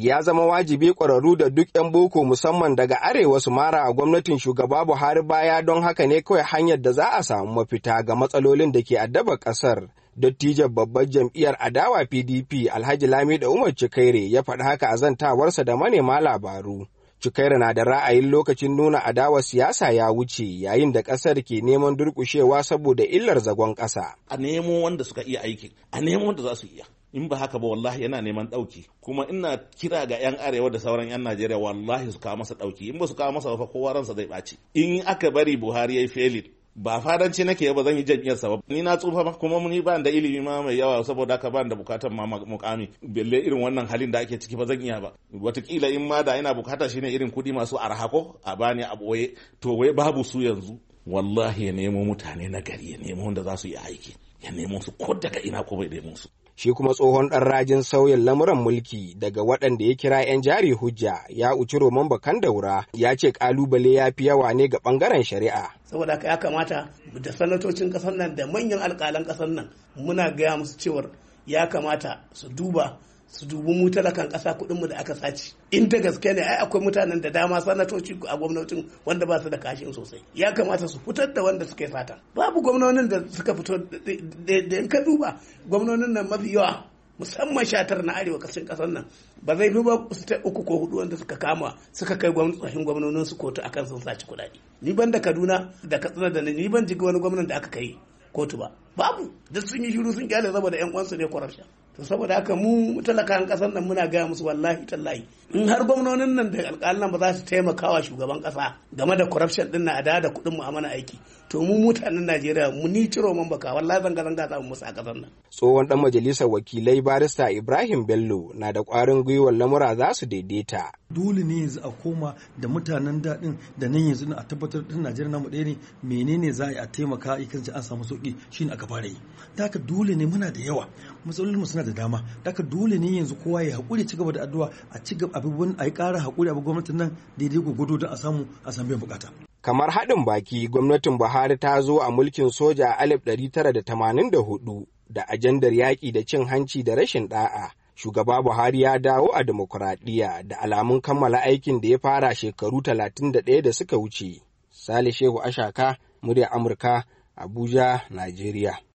ya zama wajibi ƙwararru da duk 'yan boko musamman daga arewa su mara a gwamnatin shugaba buhari baya don haka ne kawai hanyar da za a samu mafita ga matsalolin da ke addaba ƙasar dattijan babbar jam'iyyar adawa pdp alhaji lami da umar cikaire ya faɗi haka a zantawarsa da manema labaru cikaire na da ra'ayin lokacin nuna adawa siyasa ya wuce yayin da ƙasar ke neman durƙushewa saboda illar zagon ƙasa a nemo wanda suka iya aikin a nemo wanda za su iya in ba haka ba wallahi yana neman dauki kuma ina kira ga yan arewa da sauran yan najeriya wallahi su kawo masa dauki in ba su kawo masa ba kowa ransa zai baci in aka bari buhari ya yi ba fadanci nake ba zan yi sa ba ni na tsufa ba kuma ni ba da ilimi ma mai yawa saboda haka ba da bukatar ma mukami belle irin wannan halin da ake ciki ba zan iya ba watakila in ma da ina bukata shine irin kuɗi masu arhako a bani a boye to wai babu su yanzu wallahi ya nemo mutane na gari ya nemo wanda za su yi aiki ya nemo su ko daga ina ko bai nemo su shi kuma tsohon ɗan rajin sauyin lamuran mulki daga waɗanda ya kira 'yan jari hujja ya uci roman bakan daura ya ce ƙalubale ya fi yawa ne ga ɓangaren shari'a. saboda haka ya kamata da sanatocin ƙasar nan da manyan alƙalan ƙasar nan muna gaya musu cewar ya kamata su duba su dubi mu talakan ƙasa mu da aka sace in da gaske ne ai akwai mutanen da dama sanatoci a gwamnatin wanda ba su da kashin sosai ya kamata su fitar da wanda suke fata sata babu gwamnonin da suka fito da in ka duba gwamnonin nan mafi yawa musamman shatar na arewa kashin kasar nan ba zai fi ba su ta uku ko hudu wanda suka kama suka kai gwamnatin gwamnonin su kotu akan sun saci kudade. ni ban da kaduna da katsina da ni ban jigi wani gwamnan da aka kai kotu ba babu duk sun yi shiru sun kyale saboda yan kwansu ne corruption to saboda haka mu talakan kasar nan muna gaya musu wallahi tallahi in har gwamnonin nan da nan ba za su taimakawa shugaban ƙasa game da corruption din na a da kuɗin mu a mana aiki to mu mutanen Najeriya mu ni ciro man baka wallahi zanga zanga za mu musu a kasar nan tsohon dan majalisar wakilai barista Ibrahim Bello na da ƙwarin gwiwar lamura za su daidaita dole ne yanzu a koma da mutanen daɗin da nan yanzu a tabbatar da najeriya namu ɗaya ne menene za a yi a taimaka a an samu sauƙi Shin aka fara yi da dole ne muna da yawa matsalolinmu suna da dama da dole ne yanzu kowa ya haƙuri ci gaba da addu'a a ci gaba a yi ƙara haƙuri abu gwamnatin nan daidai gwagwado don a samu a samu biyan buƙata. kamar haɗin baki gwamnatin buhari ta zo a mulkin soja a 1984 da ajandar yaƙi da cin hanci da rashin ɗa'a shugaba Buhari ya dawo a demokuraɗiyya da alamun kammala aikin da ya fara shekaru 31 da suka wuce. Sale Shehu Ashaka, murya Amurka, Abuja, Najeriya.